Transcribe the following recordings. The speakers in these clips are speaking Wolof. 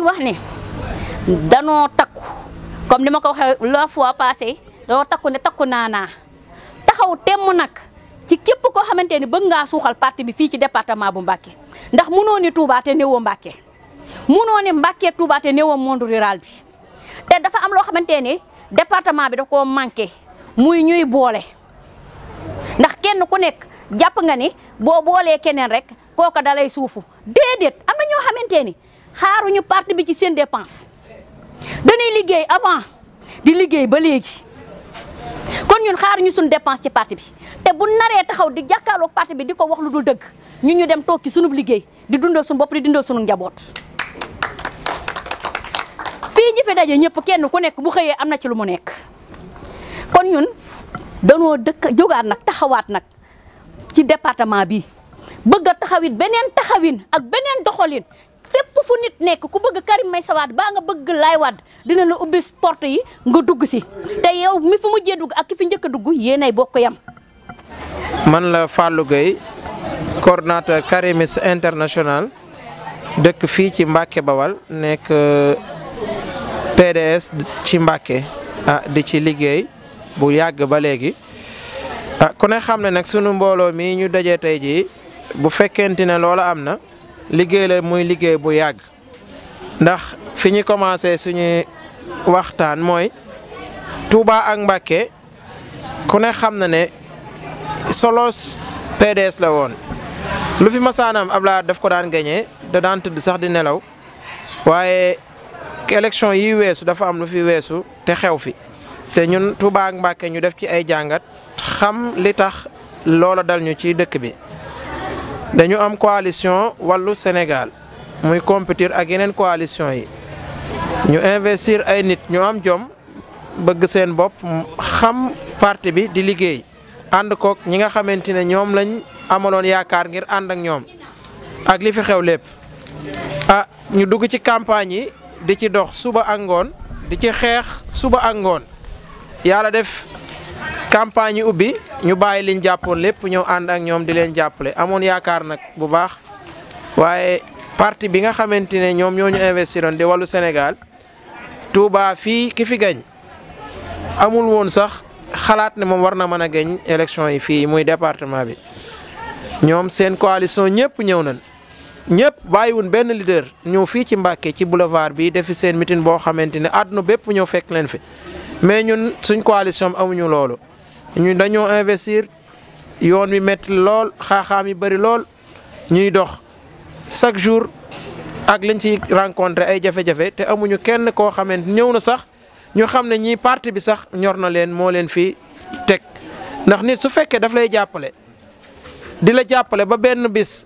leen wax ne danoo takku comme ni ma ko waxee la fois passé danoo takku ne takku naanaa taxaw temm nag ci képp koo xamante ni bëgg ngaa suuxal parti bi fii ci département bu Mbacké ndax munoo ni Touba te néewoo Mbacké munoo ni Mbacké Touba te monde rural bi te dafa am loo xamante ni département bi da koo manqué muy ñuy boole ndax kenn ku nekk jàpp nga ni boo boolee keneen rek kooka dalay suufu déedéet am na ñoo xamante ni xaaruñu parti bi ci seen dépense dañuy liggéey avant di liggéey ba léegi kon ñun xaaruñu sunu dépense ci parti bi te bu naree taxaw di jàkkaarloog parti bi di ko wax lu dul dëgg ñun ñu dem toog ci sunub liggéey di dundal suñu bopp di dundal suñu njaboot. fii ñi fi daje ñëpp kenn ku nekk bu xëyee am na ci lu mu nekk kon ñun danoo dëkk jógaat nag taxawaat nag ci département bi bëgga a taxawit beneen taxawin ak beneen doxalin fépp fu nit nekk ku bëgg Karim Meïssa Wade baa nga bëgg Laye Wade dina la ubbi porte yi nga dugg si te yow mi fu mujjee dugg ak ki fi njëkk a dugg yéenay bokk yam. man la Fallou Gueye coordonnateur Karimis international dëkk fii ci Mbacke Bawal nekk euh, PDS ci Mbacke ah di ci liggéey bu yàgg ba léegi ah ku ne xam ne nag sunu mbooloo mi ñu dajee tey jii bu fekkente ne loola am na. liggéey la muy liggéey bu yàgg ndax fi ñu commencé suñu waxtaan mooy Touba ak Mbacké ku ne xam na ne solos PDS la woon lu fi masaanam Abdoulaye def ko daan gañee da daan tëdd sax di nelaw waaye élection yi weesu dafa am lu fi weesu te xew fi te ñun Touba ak Mbacké ñu def ci ay jàngat xam li tax loola dal ñu ci dëkk bi dañu am coalition wàllu Sénégal muy compétir ak yeneen coalition yi ñu investir ay nit ñu am jom bëgg seen bopp xam parti bi di liggéey ànd koog ñi nga xamante ne ñoom lañ amaloon yaakaar ngir ànd ak ñoom ak li fi xew lépp a ah, ñu dugg ci campagne yi di ci dox suba ak ngoon di ci xeex suba ak ngoon yàlla def campagne yi ubbi ñu bàyyi liñ jàppoon lépp ñëw ànd ak ñoom di leen jàppale amoon yaakaar nag bu baax waaye parti bi nga xamante ne ñoom ñooñu ñu investiroon di walu Sénégal Touba fii ki fi gañ amul woon sax xalaat ne moom war na mën a gañ élection yi fii muy département bi ñoom seen coalition ñëpp ñëw nañ ñëpp bàyyiwun benn leader ñëw fii ci Mbàkke ci boulevard bi defi seen meeting boo xamante ne àdduna bépp ñëw fekk leen fi mais ñun suñ coalition amuñu loolu. ñu dañoo investir yoon wi métti lool xaaxaam yi bëri lool ñuy dox chaque jour ak lañ ci rencontré ay jafe-jafe te amuñu kenn koo xamante ñëw na sax ñu xam ne ñii parti bi sax ñor na leen moo leen fii teg ndax nit su fekkee daf lay jàppale di la jàppale ba benn bis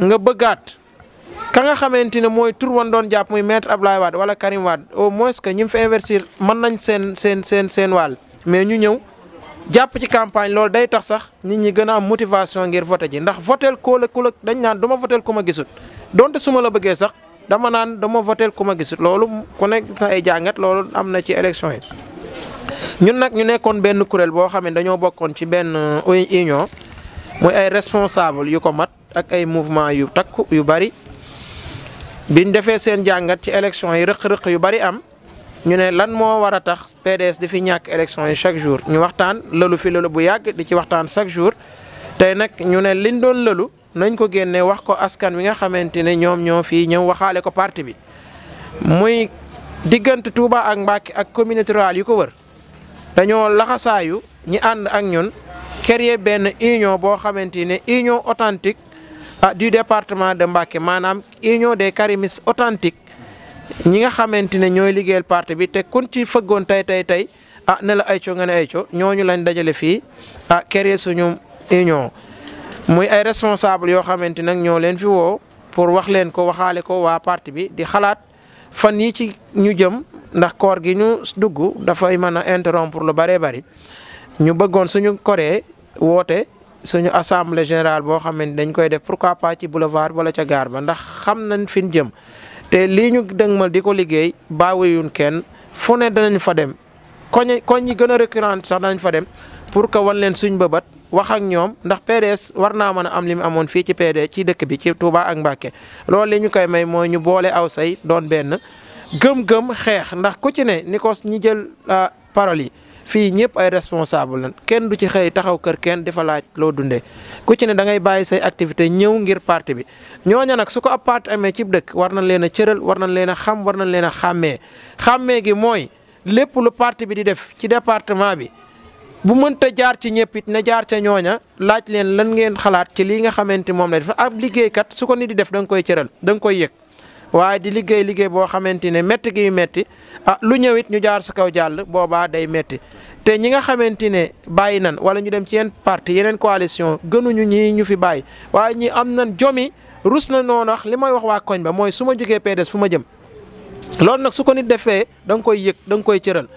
nga bëggaat ka nga xamante ne mooy tur wan doon jàpp muy maître Ablaye Wade wala Karim Wade au moins que ñi mu fi investir mën nañ seen seen seen seen wàll mais ñu ñëw. jàpp ci campagne loolu day tax sax nit ñi gën a am motivation ngir voté ji ndax votel koo la ku la naan du ma votel ma gisut donte suma la bëggee sax dama naan dama votel ku ma gisut loolu ku nekk ay jàngat loolu am na ci élection yi. ñun nag ñu nekkoon benn kuréel boo xam ne dañoo bokkoon ci benn euh, union muy ay responsable yu ko mat ak ay mouvement yu takku yu bari biñ defee seen jàngat ci élection yi rëq-rëq yu bari am. ñu ne lan moo war a tax PDS di fi ñàkk élection yi chaque jour ñu waxtaan lëlu fi lëlu bu yàgg di ci waxtaan chaque jour tey nag ñu ne liñ doon lëlu nañ ko génne wax ko askan wi nga xamante ne ñoom ñoo fii ñëw waxaale ko parti bi muy diggante Touba ak Mbacké ak communauté rurale yu ko wër dañoo laxasaayu ñi ànd ak ñun créer benn union boo xamante ne union a ah, du département de Mbacké maanaam union des karimistes authentiques ñi nga xamante ne ñooy liggéeyal parti bi te kun ci fëggoon tey tey tey ah ne la ayco nga ne ñoo ñooñu lañ dajale fii ah créer suñu union. muy ay responsable yoo xamante nag ñoo leen fi woo pour wax leen ko waxaale ko waa parti bi di xalaat fan yi ci ñu jëm ndax koor gi ñu dugg dafay mën a pour lu bëree bari ñu bëggoon suñu koree woote. suñu assemblée générale boo xam ne dañ koy def pourquoi pas ci boulevard wala ca gaar ba ndax xam nañ fi ñu jëm te lii ñu dëgmal di ko liggéey bàyyiwuñ kenn fu ne danañu fa dem koñ koñ yi gën a récurrent sax danañ fa dem pour que wan leen suñ bëbët wax ak ñoom ndax PDS war naa mën a am li mu amoon fii ci PDS ci dëkk bi ci Touba ak Mbacké loolu li koy may mooy ñu boole aw say doon benn gëm-gëm xeex ndax ku ci ne ni ko ñi jël ah, parole yi. fii ñëpp ay responsable lañ kenn du ci xëy taxaw kër kenn defa laaj loo dundee ku ci ne da ngay bàyyi say activité ñëw ngir parti bi ñooña nag su ko ab parti amee cib dëkk war nañ leen a cëral war nañ leen a xam war nañ leen a xàmmee xàmmee gi mooy lépp lu parti bi di def ci département bi bu mënta jaar ci ñëpp it ne jaar ca ñooña laaj leen lan ngeen xalaat ci lii nga xamante moom la def ab liggéeykat su ko nit di def da nga koy cëral da nga koy yëg waaye di liggéey liggéey boo xamante ne métti gi métti ah lu ñëw it ñu jaar sa kaw jàll boobaa day métti te ñi nga xamante ne bàyyi nan wala ñu dem ci yenn parti yeneen coalition gënuñu ñii ñu fi bàyyi waaye ñi am nan jomi rus na noonu wax li may wax waa koñ ba mooy su ma jógee PDS fu ma jëm loolu nag su ko nit defee da nga koy yëg da nga koy cëral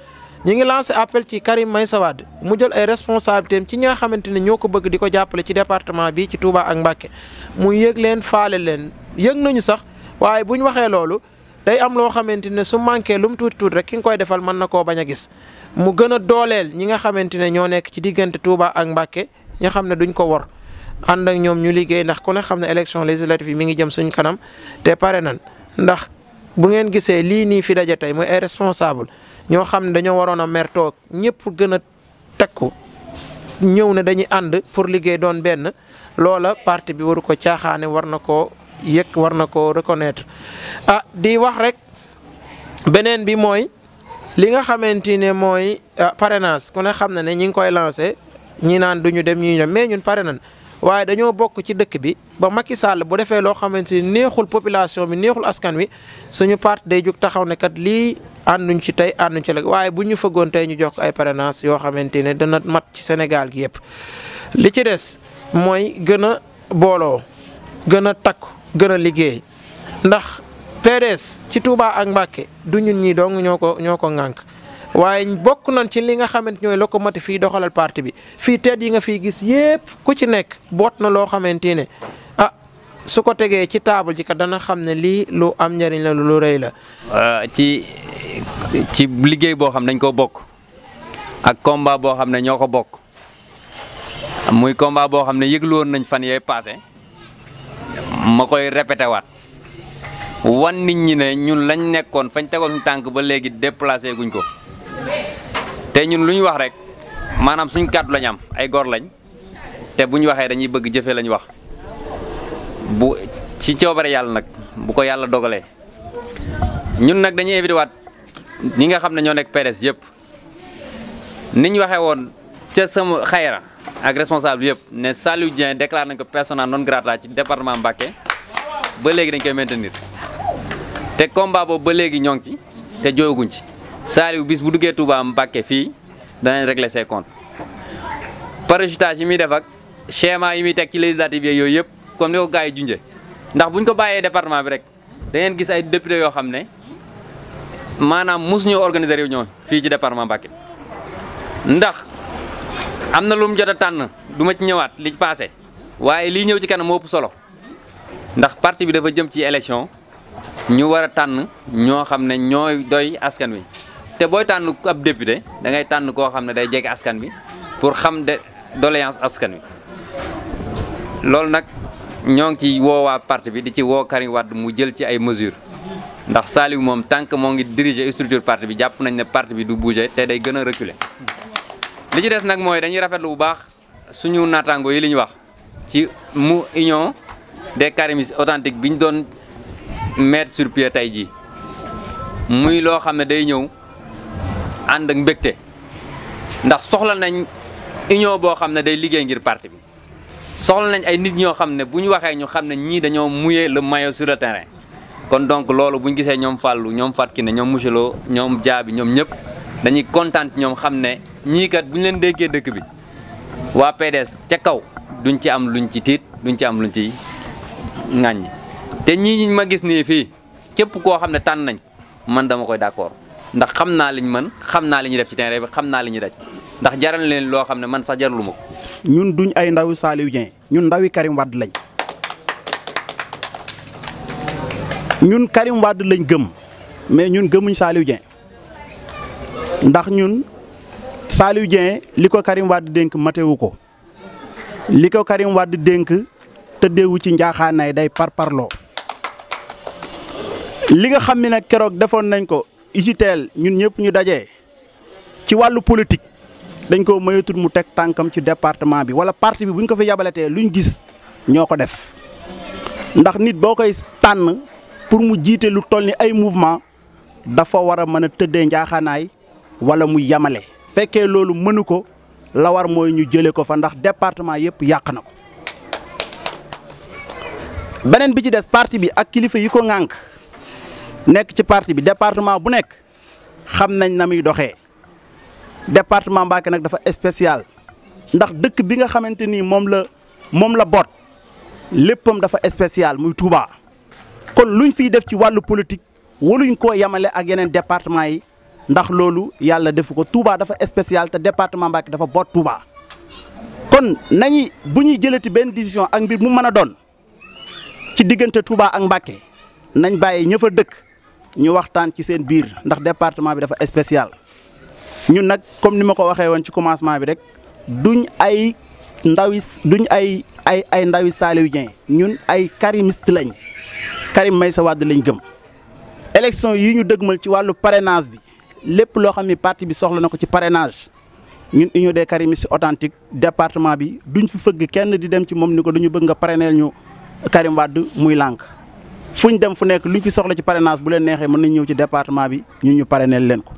ñi ngi lancé appel ci Karim Meïssa Wade mu jël ay responsabilités ci ñi nga xamante ne ñoo ko bëgg di ko jàppale ci département bi ci Touba ak Mbacké mu yëg leen faale leen yëg nañu sax waaye bu ñu waxee loolu day am loo xamante ne su manqué lu mu tuuti tuuti rek ki nga koy defal mën na koo bañ a gis mu gën a dooleel ñi nga xamante ne ñoo nekk ci diggante Touba ak Mbacké ñi xam ne duñ ko wor ànd ak ñoom ñu liggéey ndax ku ne xam ne élection législative yi mi ngi jëm suñ kanam te pare nan ndax bu ngeen gisee lii nii fi daje tey muy ay responsable ñoo xam ne dañoo waroon a mer toog ñëpp gën a takku ñëw ne dañuy ànd pour liggéey doon benn loola parti bi waru ko caaxaane war na ko yëg war na ko reconnaître ah di wax rek beneen bi mooy li nga xamante ne mooy ah, parrainage ku ne xam na ne ñi ngi koy lancé ñi naan duñu dem ñi dem mais ñun pare nañ waaye dañoo bokk ci dëkk bi ba Macky Sall bu defee loo xamante ni neexul population bi neexul askan wi suñu parti day jóg taxaw ne kat lii ànduñ ci tey ànduñ ci léegi waaye bu ñu fëggoon tey ñu jox ay parrainage yoo xamante ne dana mat ci Sénégal gi yëpp. li ci des mooy gën a booloo gën a takku gën a liggéey ndax PDS ci Touba ak Mbacké du ñun ñii dong ñoo ko ñoo ko ŋànk waaye bokk nañ ci li nga xamante ñooy locomotive fii doxalal parti bi fii teet yi nga fii gis yépp ku ci nekk boot na loo xamante ne ah su ko tegee ci table ji kat dana xam ne lii lu am njëriñ la lu rey la. Euh, ci ci liggéey boo xam dañ koo bokk ak combat boo xam ne ñoo ko bokk muy komba boo xam ne yëglu woon nañ fan yee passé ma koy répété waat wan nit ñi ne ñun lañ nekkoon fañ tegoon suñ tànk ba léegi déplacé guñ ko te ñun lu ñu wax rek maanaam suñ kàddu lañ am ay gor lañ te bu ñu waxee dañuy bëgg jëfee lañ wax bu ci coobare yàlla nag bu ko yàlla dogalee ñun nag dañuy éviter waat ñi nga xam ne ñoo nekk PDS yëpp niñ waxee woon ca sama xayra ak responsable yëpp ne Saliou Dieng déclaré nañ ko persona non grata ci département Mbacké ba léegi dañ koy maintenir te combat boobu ba léegi ñoo ngi ci te jooyaguñ ci Saliou bis bu duggee Touba Mbacké fii danañ régler ses comptes parachutage yi muy def ak schéma yi muy teg ci législative yeeg yooyu yëpp comme ni ko gars yi junjee ndax buñ ko bàyyee département bi rek da ngeen gis ay député yoo xam ne maanaam mosuñu organiser réunion fii ci département Mbacké am na lu mu jot a tànn du ma ci ñëwaat li ci passé waaye lii ñëw ci kanam moo ëpp solo ndax parti bi dafa jëm ci élection ñu war a tànn ñoo xam ne ñooy doy askan wi te booy tànn ab député da ngay tànn koo xam ne day jege askan wi pour xam de doléance askan wi loolu nag ñoo ngi ci woowaa parti bi di ci woo Karim Wade mu jël ci ay mesures ndax Saliou moom tant que moo ngi diriger structure parti bi jàpp nañ ne parti bi du bouger te day gën a reculer li ci des nag mooy dañuy rafetlu bu baax suñu naataango yi li ñu wax ci mu union des karimistes authentiques bi ñu doon mettre sur pied tey jii muy loo xam ne day ñëw ànd ak mbégte ndax soxla nañ union boo xam ne day liggéey ngir parti bi soxla nañ ay nit ñoo xam ne bu ñu waxee ñu xam ne ñii dañoo mouiller le maillot sur le terrain kon donc loolu bu ñu gisee ñoom Fallou ñoom Fatkine ñoom Mouchelo ñoom Jaabi ñoom ñëpp dañuy kontaan ci ñoom xam ne ñiikat kat bu ñu leen déggee dëkk bi waa PDS ca kaw duñ ci am luñ ci tiit duñ ci am luñ ci ŋàññi te ñii ñi ma gis nii fii képp koo xam ne tànn nañ man dama koy d'accord ndax xam naa liñ mën xam naa li ñuy def ci terrain bi xam naa li ñuy daj ndax jaral leen loo xam ne man sax jaralu ma ko. ñun duñ ay ndaw Saliou Dieng ñun ndawi Karim Wade lañ ñun Karim Wade lañ gëm mais ñun gëmuñ Saliou Dieng. ndax ñun Saliou Dieng li ko Karim Wade dénk matewu ko li ko Karim Wade dénk tëddeewu ci njaaxaanaay day par parparloo li nga xam ne nag keroog defoon nañ ko usiteel ñun ñëpp ñu daje ci wàllu politique dañ ko mayatul mu teg tànkam ci département bi wala parti bi buñ ko fi yabalatee luñ gis ñoo ko def ndax nit boo koy tànn pour mu jiite lu toll ni ay mouvement dafa war a mën a tëddee njaaxaanaay wala muy yamale fekkee loolu mënu ko la war mooy ñu jëlee ko fa ndax département yëpp yàq na ko beneen bi ci des parti bi ak kilifa yi ko ŋànk nekk ci parti bi département bu nekk xam nañ na muy doxee département Mbacké nag dafa spécial ndax dëkk bi nga xamante ni moom la moom la boot léppam dafa spécial muy Touba kon luñ fiy def ci wàllu politique waluñ koo yamale ak yeneen département yi ndax loolu yàlla defu ko Touba dafa spécial te département Mbacké dafa boot Touba kon nañu bu ñuy jëlati benn décision ak mbir mu mën a doon ci diggante Touba ak Mbacké nañ bàyyi ñëpp a dëkk ñu waxtaan ci seen biir ndax département bi dafa spécial ñun nag comme ni ma ko waxee woon ci commencement bi rek duñ ay ndawi duñ ay ay ay ndawi Saliou Dieng ñun ay karimiste lañ Karim Meïssa Wade lañ gëm élection yi ñu dëgmal ci wàllu parrainage bi lépp loo xam ni parti bi soxla na ko ci parrainage ñun union des karimistes authentiques département bi duñ fi fëgg kenn di dem ci moom ni ko duñu bëgg nga parrainel ñu Karim Wade muy lànk fu ñu dem fu nekk luñ fi soxla ci parenage bu leen neexee mën nañ ñëw ci département bi ñu ñu parrainel leen ko